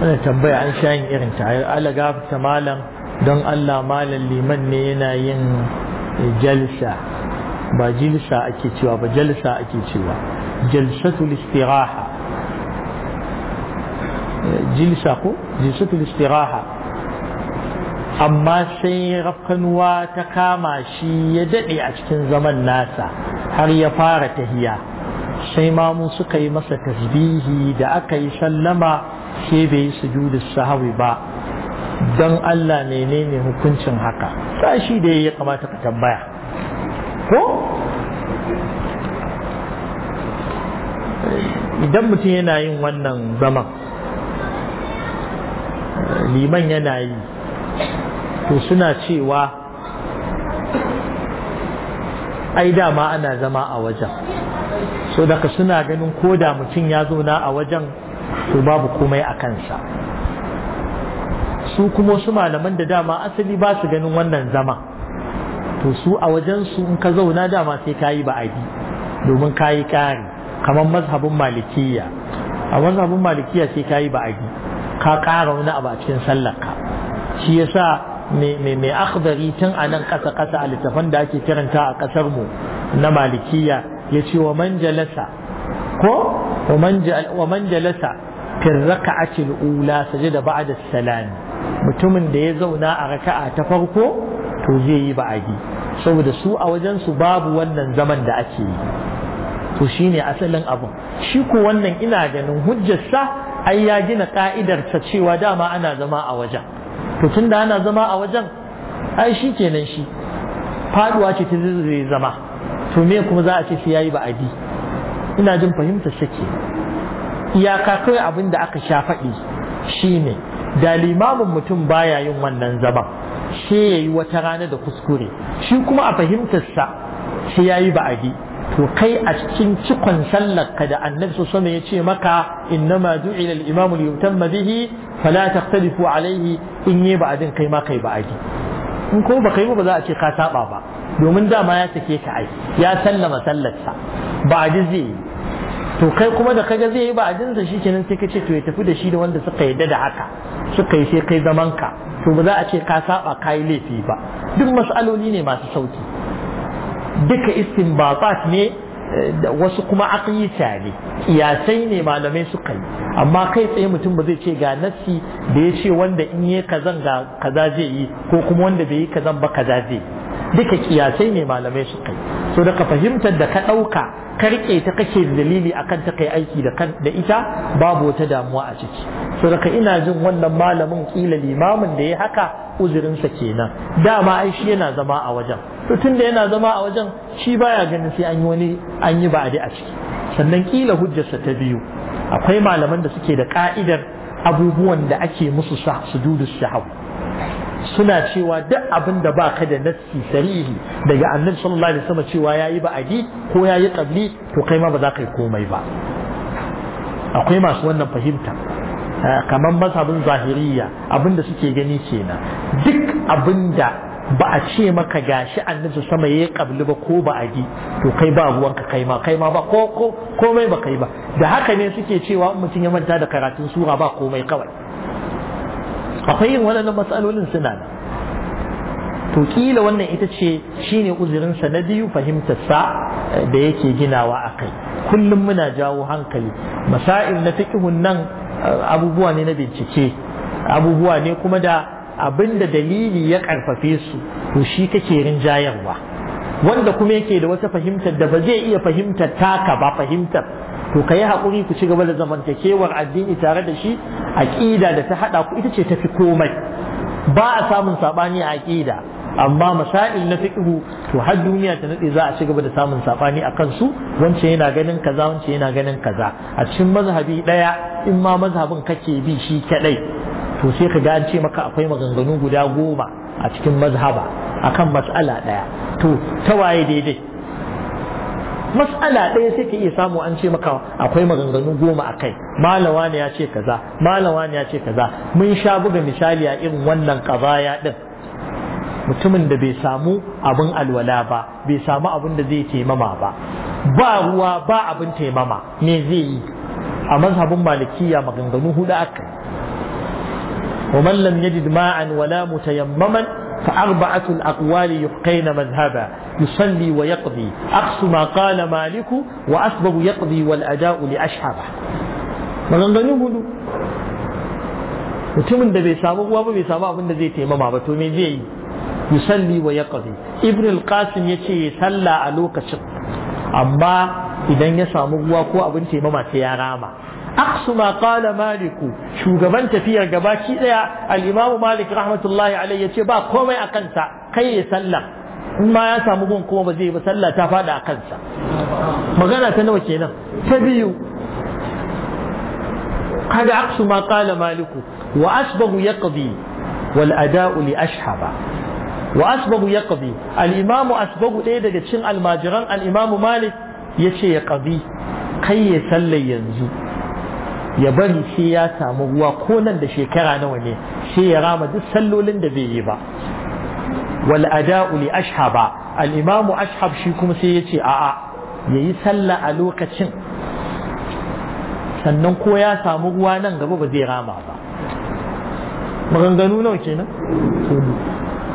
ana tambaya an sha yin irin ta ala gafta malam don Allah malam liman ne yana yin jalsa ba jilsa ake cewa ba jalsa ake cewa jalsatul istiraha jilsa ko jilsatul istiraha amma sai rafkanuwa ta kama shi ya daɗe a cikin zaman nasa har ya fara tahiya sai mamu suka yi masa tasbihi da aka yi sallama ke bai yi sujudu sahawi ba don Allah menene hukuncin haka sashi da ya kamata ka tambaya ko idan mutum yana yin wannan zaman liman yana yi to suna cewa ai dama ana zama a wajen so daga suna ganin ko da mutum ya zo na a wajen to babu komai a kansa su kuma su malaman da dama asali ba su ganin wannan zama to su a wajen su in ka zauna dama sai ka yi ba'adi domin ka yi ƙari kamar mazhabin malikiya a mazhabin malikiya sai ka yi ba'adi ka ƙara wani abu a cikin ka shi yasa mai akhdari tun a nan ƙasa ƙasa a littafan da ake kiranta a ƙasar mu na malikiya ya ce wa man jalasa ko wa man jalasa fi raka'ati al-ula sajada ba'da salam mutumin da ya zauna a raka'a ta farko to zai yi ba'adi saboda su a wajen su babu wannan zaman da ake yi to shine asalin abu shi ko wannan ina ganin hujjarsa ai ya gina ka'idar ta cewa dama ana zama a wajen to tunda ana zama a wajen ai shi kenan shi faduwa ce ta zai zama to me kuma za a ce sai yayi ba'adi ina jin fahimtar shi kenan iyaka kai abin da aka sha faɗi shine da limamin mutum baya yin wannan zaman sai ya yi wata rana da kuskure shi kuma a fahimtarsa sai ya yi ba'adi to kai a cikin cikon sallar ka da annabi su sama ya ce maka innama du'ila al-imamu li yutamma bihi fala taqtalifu alayhi in yi ba'adin kai ma kai ba'adi in ko baka yi ba za a ce ka saba ba domin dama ya sake ka ai ya sallama sallarsa ba'adi zai yi to kai kuma da kaga zai yi ba ajinsa shi kenan sai ka ce to ya tafi da shi da wanda suka yadda da haka suka yi sai kai zaman ka to ba za a ce ka saba ka yi laifi ba duk mas'aloli ne masu sauki duka istinbatat ne wasu kuma akayi ne kiyasai ne malamai suka yi amma kai tsaye mutum ba zai ce ga nassi da ya ce wanda in yi kazan ga kaza zai yi ko kuma wanda bai yi kazan ba kaza zai duka kiyasai ne malamai suka yi so daga fahimtar da ka ɗauka ka riƙe ta kake dalili akan ta kai aiki da ita babu wata damuwa a ciki so daga ina jin wannan malamin kila limamin da ya haka uzurinsa kenan dama ai shi yana zama a wajen to tunda yana zama a wajen shi baya ganin sai an yi wani an yi ba'adi a ciki sannan kila hujjarsa ta biyu akwai malaman da suke da ka'idar abubuwan da ake musu sa su dudu su hau suna cewa duk abin da ba ka da nassi sarihi daga annabi sallallahu alaihi wasallam cewa yayi ba'adi ko yayi qabli to kai ma ba za ka yi komai ba akwai masu wannan fahimta eh, kamar mazhabin zahiriya abin da suke gani kenan duk abinda da ba a ce maka gashi annabi sama yayi qabli ba ko ba to kai ba ruwanka kai ma kai ma ba ko ko komai ba kai ba da haka ne suke cewa mutum ya manta da karatun sura ba komai kawai akwai yin waɗannan matsalolin suna da to kila wannan ita ce shine uzurinsa na biyu fahimtarsa eh, da yake ginawa a kai kullum muna jawo hankali masa'il na fiqhun nan eh, abubuwa ne na bincike abubuwa ne kuma da abin da dalili ya ƙarfafe su to shi kake rinjayarwa wanda kuma yake da wata fahimtar da ba zai iya fahimtar taka ba fahimtar to kai hakuri ku ci gaba da zamantakewar addini tare da shi aqida da ta haɗa ku ita ce tafi komai ba a samun saɓani a aqida amma masail na fiqhu to har duniya ta nade za a ci da samun saɓani a kansu wance yana ganin kaza wance yana ganin kaza a cikin mazhabi ɗaya, in ma mazhabin kake bi shi kaɗai to sai ka ga an ce maka akwai maganganu guda goma a cikin mazhaba akan mas'ala ɗaya, to ta waye daidai Matsala ɗaya sai ka iya samu an ce maka akwai maganganu goma a kai malawa ne ya ce kaza malawa ne ya ce kaza mun sha buga misali a irin wannan kazaya din mutumin da bai samu abin alwala ba bai samu abin da zai taimama ba ba ruwa ba abin taimama me zai yi a mazhabin malikiya maganganu hudu aka ومن لم يجد ماء ولا متيمما فأربعة الأقوال يبقين مذهبا يصلي ويقضي أقص ما قال مالك وأصبب يقضي والأداء لأشهر ما نظنه هنا وتم أن بيسامه هو بيسامه أبن ذي تيمم زي يصلي ويقضي ابن القاسم يتي سلا ألوك شق أما إذا يسامه هو أبن تيمم تيارامه aqsu ma qala maliku shugaban tafiyar gabaki daya al-imamu malik rahmatullahi alayhi yace ba komai a kansa kai ya sallah in ma ya samu gun kuma ba zai ba sallah ta fada a kansa magana ta nawa kenan ta biyu kada aqsu ma qala maliku wa asbahu yaqdi wal ada'u li ashhaba wa asbahu yaqdi al-imamu asbahu daya daga cin almajiran al-imamu malik yace ya qadi kai ya sallah yanzu ya bari sai ya samu ruwa ko nan da shekara nawa ne sai ya rama duk sallolin da bai yi ba wal ada'u li ashhaba al imam ashhab shi kuma sai yace ce a'a yayi sallah a lokacin sannan ko ya samu ruwa nan gaba ba zai rama ba maganganu nawa kenan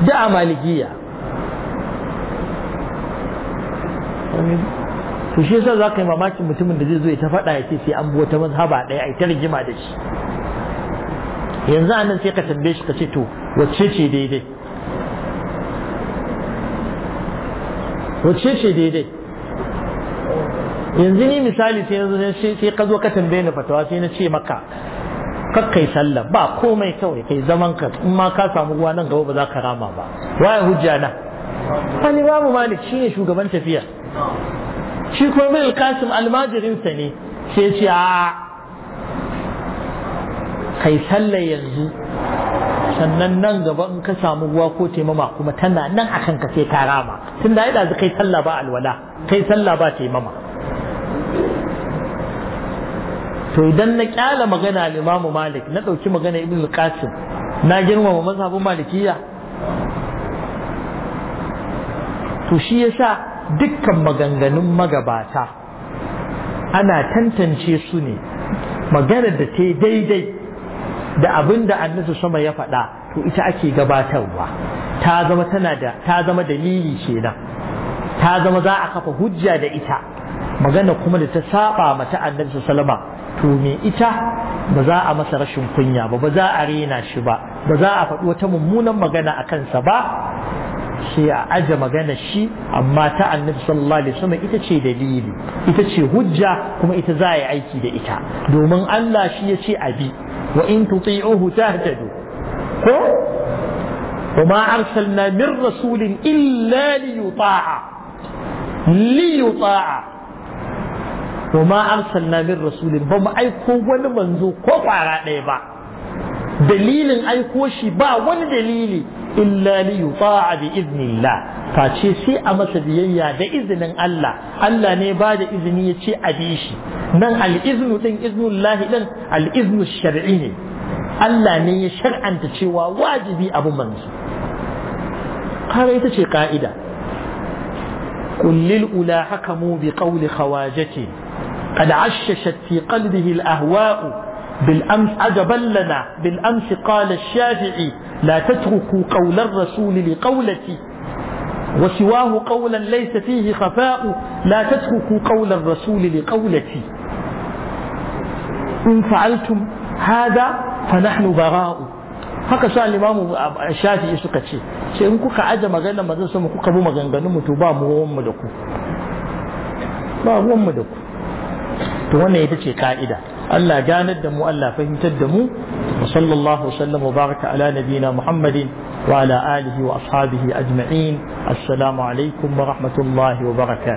da malikiya to shi yasa za ka yi mamakin mutumin da zai zo ya ta faɗa ya ce sai an bi maza mazhaba ɗaya a ta rigima da shi yanzu a nan sai ka tambaye shi ka ce to wacce ce daidai wacce ce daidai yanzu ni misali sai yanzu sai ka zo ka tambaye ni fatawa sai na ce maka kakkai sallah ba komai kawai kai zaman ka in ma ka samu ruwa nan gaba ba za ka rama ba waye hujja na wani babu malik shine shugaban tafiya shi kuma mai alkasim almajirinsa ne sai ce a kai sallah yanzu sannan nan gaba in ka samu ruwa ko taimama kuma tana nan akan ka sai ta rama tun da ya kai sallah ba alwala kai sallah ba taimama to idan na kyala magana limamu malik na ɗauki magana ibn qasim na girmama mazhabin malikiya to shi yasa dukkan maganganun magabata ana tantance su ne maganar da ta daidai da abin da annabi sama ya faɗa to ita ake gabatarwa ta zama tana da ta zama dalili kenan ta zama za a kafa hujja da ita magana kuma da ta saba mata annabi sallama to me ita ba za a masa rashin kunya ba ba za a rena shi ba ba za a faɗi wata mummunan magana a kansa ba sai a aje magana shi amma ta annabi sallallahu alaihi wasallam ita ce dalili ita ce hujja kuma ita za a yi aiki da ita domin Allah shi ya ce abi wa in tuti'uhu tahtadu ko وما أرسلنا من رسول إلا ليطاع ليطاع وما أرسلنا من رسول بما أيكو ولا منزو كو ba dalilin aiko shi ba wani dalili إلا ليطاع بإذن الله فاشي سي أما سبيانيا بإذن الله الله نباد إذن شي أديشي نن الإذن لن إذن الله لن الإذن الشرعي الله ني شرعا تشي واجبي أبو منز قال إيتشي قائدة قل للأولى حكموا بقول خواجتي قد عششت في قلبه الأهواء بالأمس عجبا لنا بالأمس قال الشافعي لا تتركوا قول الرسول لقولتي وسواه قولا ليس فيه خفاء لا تتركوا قول الرسول لقولتي إن فعلتم هذا فنحن براء هكا سؤال الإمام الشافعي سكتشي شيء إن كوكا عجم غير ما زلت كوكا بوما غير غنم توبا موهم دكو باهم دكو توانا يتشي قائدة Allah ganar da mu Allah fahimtar da mu wa sallallahu sallam wa baraka ala nabina Muhammadin wa ala alihi wa ashabihi ajma'in assalamu alaikum wa rahmatullahi wa barakatuh